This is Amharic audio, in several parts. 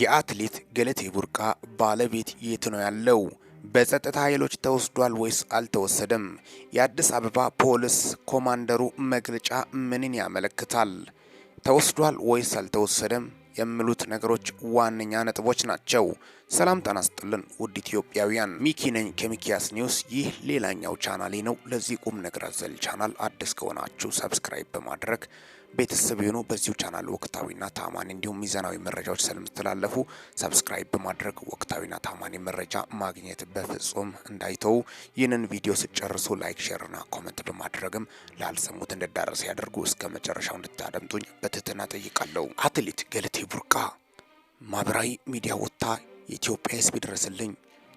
የአትሌት ገለቴ ቡርቃ ባለቤት የት ነው ያለው? በጸጥታ ኃይሎች ተወስዷል ወይስ አልተወሰደም? የአዲስ አበባ ፖሊስ ኮማንደሩ መግለጫ ምንን ያመለክታል? ተወስዷል ወይስ አልተወሰደም? የሚሉት ነገሮች ዋነኛ ነጥቦች ናቸው። ሰላም ጤና ይስጥልን ውድ ኢትዮጵያውያን፣ ሚኪ ነኝ ከሚኪያስ ኒውስ። ይህ ሌላኛው ቻናሌ ነው። ለዚህ ቁም ነገር አዘል ቻናል አዲስ ከሆናችሁ ሰብስክራይብ በማድረግ ቤተሰብ የሆኑ በዚሁ ቻናል ወቅታዊና ታማኒ እንዲሁም ሚዛናዊ መረጃዎች ስለምትላለፉ ሰብስክራይብ በማድረግ ወቅታዊና ታማኒ መረጃ ማግኘት በፍጹም እንዳይተው። ይህንን ቪዲዮ ስጨርሱ ላይክ፣ ሼርና ኮመንት በማድረግም ላልሰሙት እንድዳረስ ያደርጉ። እስከ መጨረሻው እንድታደምጡኝ በትህትና ጠይቃለሁ። አትሌት ገለቴ ቡርቃ ማህበራዊ ሚዲያ ወጥታ የኢትዮጵያ ሕዝብ ይድረስልኝ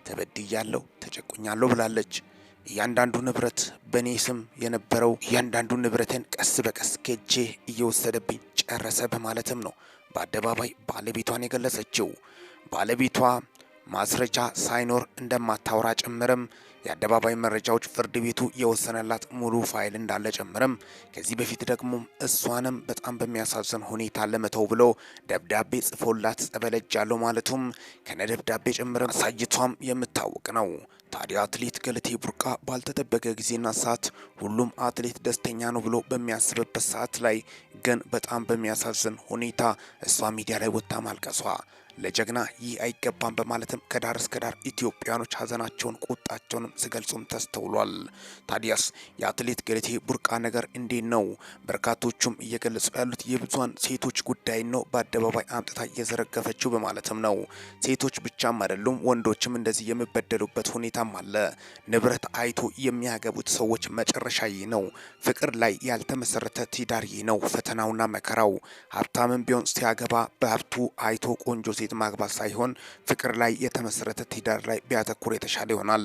ተበድያለሁ፣ ተጨቁኛለሁ ብላለች። እያንዳንዱ ንብረት በእኔ ስም የነበረው እያንዳንዱ ንብረትን ቀስ በቀስ ከጄ እየወሰደብኝ ጨረሰ በማለትም ነው በአደባባይ ባለቤቷን የገለጸችው። ባለቤቷ ማስረጃ ሳይኖር እንደማታወራ ጭምርም የአደባባይ መረጃዎች ፍርድ ቤቱ የወሰነላት ሙሉ ፋይል እንዳለ ጭምርም ከዚህ በፊት ደግሞ እሷንም በጣም በሚያሳዝን ሁኔታ ለመተው ብሎ ደብዳቤ ጽፎላት ጸበለጃለሁ ማለቱም ከነ ደብዳቤ ጭምርም አሳይቷም የምታወቅ ነው። ታዲያ አትሌት ገለቴ ቡርቃ ባልተጠበቀ ጊዜና ሰዓት ሁሉም አትሌት ደስተኛ ነው ብሎ በሚያስብበት ሰዓት ላይ ግን በጣም በሚያሳዝን ሁኔታ እሷ ሚዲያ ላይ ወጥታ ማልቀሷ ለጀግና ይህ አይገባም በማለትም ከዳር እስከ ዳር ኢትዮጵያኖች ሀዘናቸውን ቁጣቸውንም ሲገልጹም ተስተውሏል። ታዲያስ የአትሌት ገለቴ ቡርቃ ነገር እንዴት ነው? በርካቶቹም እየገለጹ ያሉት የብዙሀን ሴቶች ጉዳይ ነው በአደባባይ አምጥታ እየዘረገፈችው በማለትም ነው። ሴቶች ብቻም አይደሉም ወንዶችም እንደዚህ የሚበደሉበት ሁኔታም አለ። ንብረት አይቶ የሚያገቡት ሰዎች መጨረሻ ይህ ነው። ፍቅር ላይ ያልተመሰረተ ትዳር ይህ ነው ፈተናውና መከራው። ሀብታምን ቢሆን ሲያገባ በሀብቱ አይቶ ቆንጆ ሴት ሴት ማግባት ሳይሆን ፍቅር ላይ የተመሰረተ ትዳር ላይ ቢያተኩር የተሻለ ይሆናል።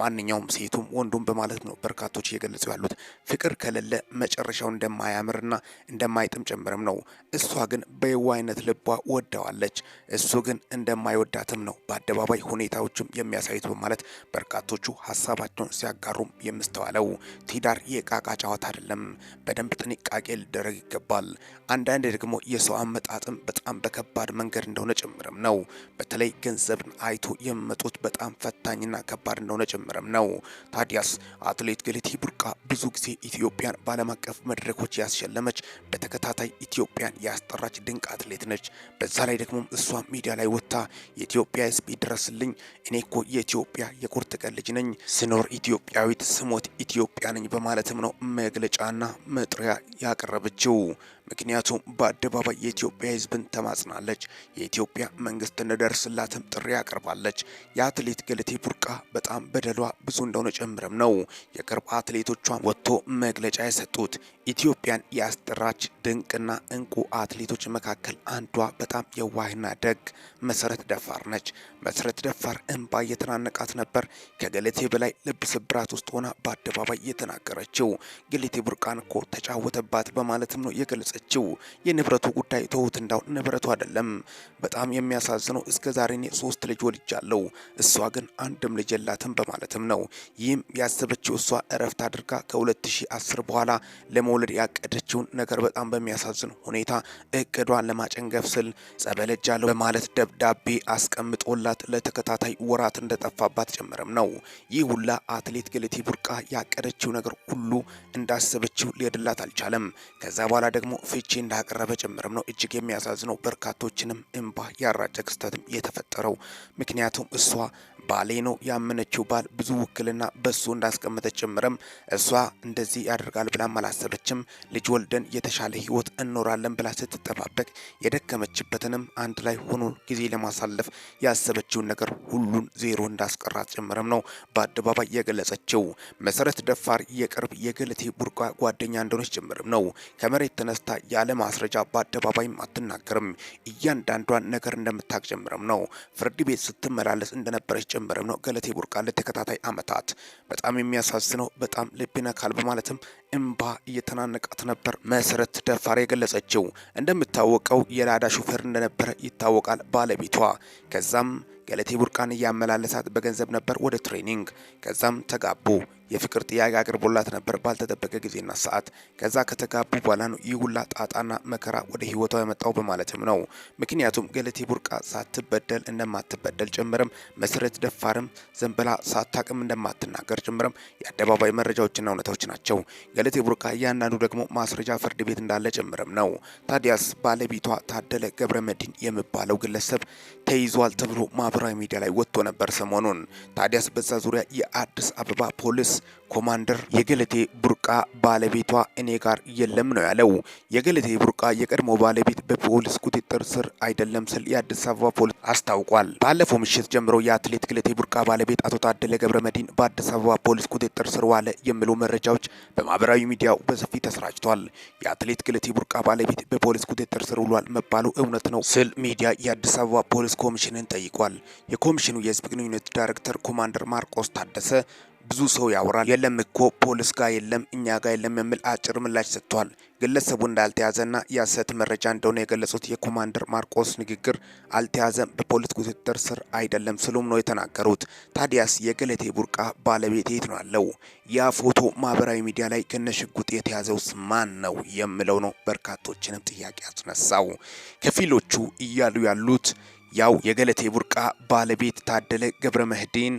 ማንኛውም ሴቱም ወንዱም በማለት ነው በርካቶች እየገለጹ ያሉት። ፍቅር ከሌለ መጨረሻው እንደማያምርና እንደማይጥም ጭምርም ነው። እሷ ግን በየዋህነት ልቧ ወደዋለች፣ እሱ ግን እንደማይወዳትም ነው በአደባባይ ሁኔታዎችም የሚያሳዩት በማለት በርካቶቹ ሀሳባቸውን ሲያጋሩም የምስተዋለው። ትዳር የቃቃ ጨዋታ አይደለም። በደንብ ጥንቃቄ ሊደረግ ይገባል። አንዳንድ ደግሞ የሰው አመጣጥም በጣም በከባድ መንገድ እንደሆነ ጭምር ጭምርም ነው። በተለይ ገንዘብን አይቶ የመጡት በጣም ፈታኝና ከባድ እንደሆነ ጭምርም ነው። ታዲያስ አትሌት ገለቴ ቡርቃ ብዙ ጊዜ ኢትዮጵያን በዓለም አቀፍ መድረኮች ያስሸለመች በተከታታይ ኢትዮጵያን ያስጠራች ድንቅ አትሌት ነች። በዛ ላይ ደግሞ እሷ ሚዲያ ላይ ወጥታ የኢትዮጵያ ስፒድ ድረስልኝ፣ እኔ እኮ የኢትዮጵያ የቁርጥ ቀን ልጅ ነኝ፣ ስኖር ኢትዮጵያዊት፣ ስሞት ኢትዮጵያ ነኝ በማለትም ነው መግለጫና መጥሪያ ያቀረበችው። ምክንያቱም በአደባባይ የኢትዮጵያ ህዝብን ተማጽናለች። የኢትዮጵያ መንግስት እንደርስላትም ጥሪ አቅርባለች። የአትሌት ገለቴ ቡርቃ በጣም በደሏ ብዙ እንደሆነ ጨምረም ነው የቅርብ አትሌቶቿን ወጥቶ መግለጫ የሰጡት። ኢትዮጵያን ያስጠራች ድንቅና እንቁ አትሌቶች መካከል አንዷ በጣም የዋህና ደግ መሰረት ደፋር ነች። መሰረት ደፋር እንባ እየተናነቃት ነበር። ከገለቴ በላይ ልብ ስብራት ውስጥ ሆና በአደባባይ የተናገረችው ገለቴ ቡርቃን እኮ ተጫወተባት በማለትም ነው የገለጸች ያለችው። የንብረቱ ጉዳይ ተውት፣ እንዳው ንብረቱ አይደለም። በጣም የሚያሳዝነው እስከ ዛሬ እኔ ሶስት ልጅ ወልጃለሁ፣ እሷ ግን አንድም ልጅ የላትም በማለትም ነው። ይህም ያሰበችው እሷ እረፍት አድርጋ ከ2010 በኋላ ለመውለድ ያቀደችውን ነገር በጣም በሚያሳዝን ሁኔታ እቅዷን ለማጨንገፍ ስል ጸበለጃለሁ በማለት ደብዳቤ አስቀምጦላት ለተከታታይ ወራት እንደጠፋባት ጀምረም ነው። ይህ ሁላ አትሌት ገለቴ ቡርቃ ያቀደችው ነገር ሁሉ እንዳሰበችው ሊሄድላት አልቻለም። ከዛ በኋላ ደግሞ ፍቺ እንዳቀረበ ጭምርም ነው። እጅግ የሚያሳዝነው በርካቶችንም እንባ ያራጨ ክስተትም የተፈጠረው ምክንያቱም እሷ ባሌ ነው ያመነችው ባል ብዙ ውክልና በሱ እንዳስቀመጠ ጭምርም እሷ እንደዚህ ያደርጋል ብላም አላሰበችም። ልጅ ወልደን የተሻለ ህይወት እኖራለን ብላ ስትጠባበቅ የደከመችበትንም አንድ ላይ ሆኖ ጊዜ ለማሳለፍ ያሰበችውን ነገር ሁሉን ዜሮ እንዳስቀራት ጭምርም ነው በአደባባይ የገለጸችው። መሰረት ደፋር የቅርብ የገለቴ ቡርቃ ጓደኛ እንደሆነች ጭምርም ነው። ከመሬት ተነስታ ያለ ማስረጃ በአደባባይም አትናገርም። እያንዳንዷን ነገር እንደምታቅ ጭምርም ነው። ፍርድ ቤት ስትመላለስ እንደነበረች ጭምርም ነው። ገለቴ ቡርቃ ለተከታታይ ዓመታት በጣም የሚያሳዝነው በጣም ልብ በማለትም እምባ እየተናነቃት ነበር መሰረት ደፋር የገለጸችው። እንደምታወቀው የላዳ ሹፌር እንደነበረ ይታወቃል ባለቤቷ ከዛም ገለቴ ቡርቃን እያመላለሳት በገንዘብ ነበር ወደ ትሬኒንግ ከዛም ተጋቡ። የፍቅር ጥያቄ አቅርቦላት ነበር ባልተጠበቀ ጊዜና ሰዓት። ከዛ ከተጋቡ በኋላ ነው ይህ ሁላ ጣጣና መከራ ወደ ህይወቷ የመጣው በማለትም ነው። ምክንያቱም ገለቴ ቡርቃ ሳትበደል እንደማትበደል ጭምርም መሰረት ደፋርም ዘንበላ ሳታቅም እንደማትናገር ጭምርም የአደባባይ መረጃዎችና እውነታዎች ናቸው። ገለቴ ቡርቃ እያንዳንዱ ደግሞ ማስረጃ ፍርድ ቤት እንዳለ ጭምርም ነው። ታዲያስ ባለቤቷ ታደለ ገብረ መድህን የሚባለው ግለሰብ ተይዟል ተብሎ ማህበራዊ ሚዲያ ላይ ወጥቶ ነበር ሰሞኑን። ታዲያስ በዛ ዙሪያ የአዲስ አበባ ፖሊስ ኮማንደር የገለቴ ቡርቃ ባለቤቷ እኔ ጋር የለም ነው ያለው። የገለቴ ቡርቃ የቀድሞ ባለቤት በፖሊስ ቁጥጥር ስር አይደለም ስል የአዲስ አበባ ፖሊስ አስታውቋል። ባለፈው ምሽት ጀምሮ የአትሌት ገለቴ ቡርቃ ባለቤት አቶ ታደለ ገብረ መድህን በአዲስ አበባ ፖሊስ ቁጥጥር ስር ዋለ የሚሉ መረጃዎች በማህበራዊ ሚዲያው በሰፊ ተሰራጭቷል። የአትሌት ገለቴ ቡርቃ ባለቤት በፖሊስ ቁጥጥር ስር ውሏል መባሉ እውነት ነው ስል ሚዲያ የአዲስ አበባ ፖሊስ ኮሚሽንን ጠይቋል። የኮሚሽኑ የህዝብ ግንኙነት ዳይሬክተር ኮማንደር ማርቆስ ታደሰ ብዙ ሰው ያወራል። የለም እኮ ፖሊስ ጋር የለም እኛ ጋር የለም የሚል አጭር ምላሽ ሰጥቷል። ግለሰቡ እንዳልተያዘና የሐሰት መረጃ እንደሆነ የገለጹት የኮማንደር ማርቆስ ንግግር አልተያዘም፣ በፖሊስ ቁጥጥር ስር አይደለም ስሉም ነው የተናገሩት። ታዲያስ የገለቴ ቡርቃ ባለቤት የት ነው ያለው? ያ ፎቶ ማህበራዊ ሚዲያ ላይ ከነሽጉጥ የተያዘውስ ማን ነው የምለው ነው በርካቶችንም ጥያቄ ያስነሳው። ከፊሎቹ እያሉ ያሉት ያው የገለቴ ቡርቃ ባለቤት ታደለ ገብረ መህዲን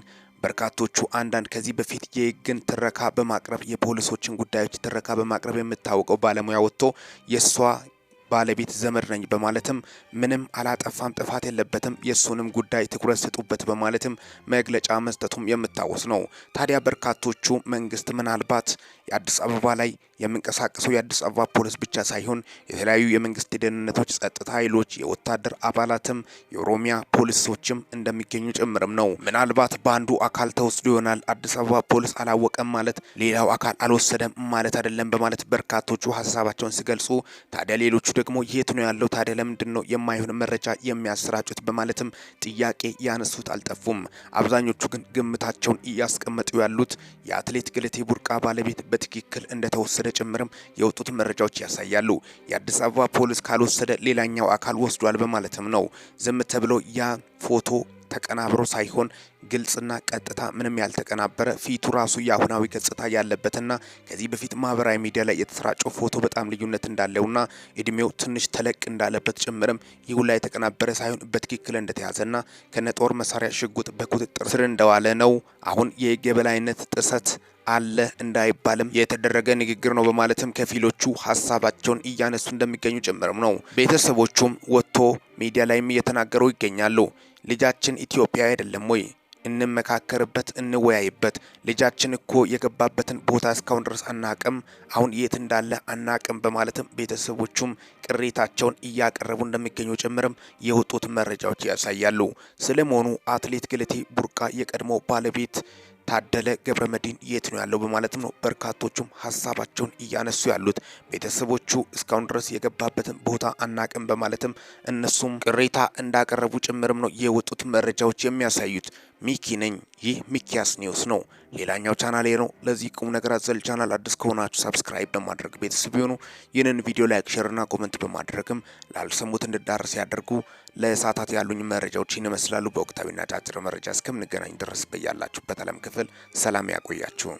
በርካቶቹ አንዳንድ ከዚህ በፊት የህግን ትረካ በማቅረብ የፖሊሶችን ጉዳዮች ትረካ በማቅረብ የምታወቀው ባለሙያ ወጥቶ የእሷ ባለቤት ዘመድ ነኝ በማለትም ምንም አላጠፋም፣ ጥፋት የለበትም፣ የእሱንም ጉዳይ ትኩረት ስጡበት በማለትም መግለጫ መስጠቱም የምታወስ ነው። ታዲያ በርካቶቹ መንግስት ምናልባት የአዲስ አበባ ላይ የሚንቀሳቀሰው የአዲስ አበባ ፖሊስ ብቻ ሳይሆን የተለያዩ የመንግስት የደህንነቶች ጸጥታ ኃይሎች፣ የወታደር አባላትም፣ የኦሮሚያ ፖሊሶችም እንደሚገኙ ጭምርም ነው። ምናልባት በአንዱ አካል ተወስዶ ይሆናል አዲስ አበባ ፖሊስ አላወቀም ማለት ሌላው አካል አልወሰደም ማለት አይደለም በማለት በርካቶቹ ሀሳባቸውን ሲገልጹ ታዲያ ሌሎቹ ደግሞ የት ነው ያለው ታዲያ? ለምንድን ነው የማይሆን መረጃ የሚያሰራጩት? በማለትም ጥያቄ ያነሱት አልጠፉም። አብዛኞቹ ግን ግምታቸውን እያስቀመጡ ያሉት የአትሌት ገለቴ ቡርቃ ባለቤት በትክክል እንደተወሰደ ጭምርም የወጡት መረጃዎች ያሳያሉ። የአዲስ አበባ ፖሊስ ካልወሰደ ሌላኛው አካል ወስዷል በማለትም ነው ዝም ተብሎ ያ ፎቶ ተቀናብሮ ሳይሆን ግልጽና ቀጥታ ምንም ያልተቀናበረ ፊቱ ራሱ የአሁናዊ ገጽታ ያለበትና ከዚህ በፊት ማህበራዊ ሚዲያ ላይ የተሰራጨው ፎቶ በጣም ልዩነት እንዳለውና እድሜው ትንሽ ተለቅ እንዳለበት ጭምርም ይሁን ላይ የተቀናበረ ሳይሆን በትክክል እንደተያዘና ጦር መሳሪያ ሽጉጥ በቁጥጥር ስር እንደዋለ ነው። አሁን የህግ የበላይነት ጥሰት አለ እንዳይባልም የተደረገ ንግግር ነው በማለትም ከፊሎቹ ሀሳባቸውን እያነሱ እንደሚገኙ ጭምርም ነው። ቤተሰቦቹም ወጥቶ ሚዲያ ላይም እየተናገሩ ይገኛሉ። ልጃችን ኢትዮጵያ አይደለም ወይ? እንመካከርበት፣ እንወያይበት። ልጃችን እኮ የገባበትን ቦታ እስካሁን ድረስ አናቅም፣ አሁን የት እንዳለ አናቅም በማለትም ቤተሰቦቹም ቅሬታቸውን እያቀረቡ እንደሚገኙ ጭምርም የወጡት መረጃዎች ያሳያሉ። ስለመሆኑ አትሌት ገለቴ ቡርቃ የቀድሞ ባለቤት ታደለ ገብረ መድህን የት ነው ያለው በማለትም ነው በርካቶቹም ሀሳባቸውን እያነሱ ያሉት። ቤተሰቦቹ እስካሁን ድረስ የገባበትን ቦታ አናቅም በማለትም እነሱም ቅሬታ እንዳቀረቡ ጭምርም ነው የወጡት መረጃዎች የሚያሳዩት። ሚኪ ነኝ። ይህ ሚኪያስ ኒውስ ነው። ሌላኛው ቻናሌ ነው። ለዚህ ቁም ነገር አዘል ቻናል አዲስ ከሆናችሁ ሰብስክራይብ በማድረግ ቤተሰብ ቢሆኑ ይህንን ቪዲዮ ላይክ፣ እና ኮመንት በማድረግም ላልሰሙት እንዲዳረስ ያደርጉ። ለሰዓታት ያሉኝ መረጃዎች ይመስላሉ። በወቅታዊና ጫጭር መረጃ እስከምንገናኝ ድረስ በያላችሁበት ዓለም ክፍል ሰላም ያቆያችሁ።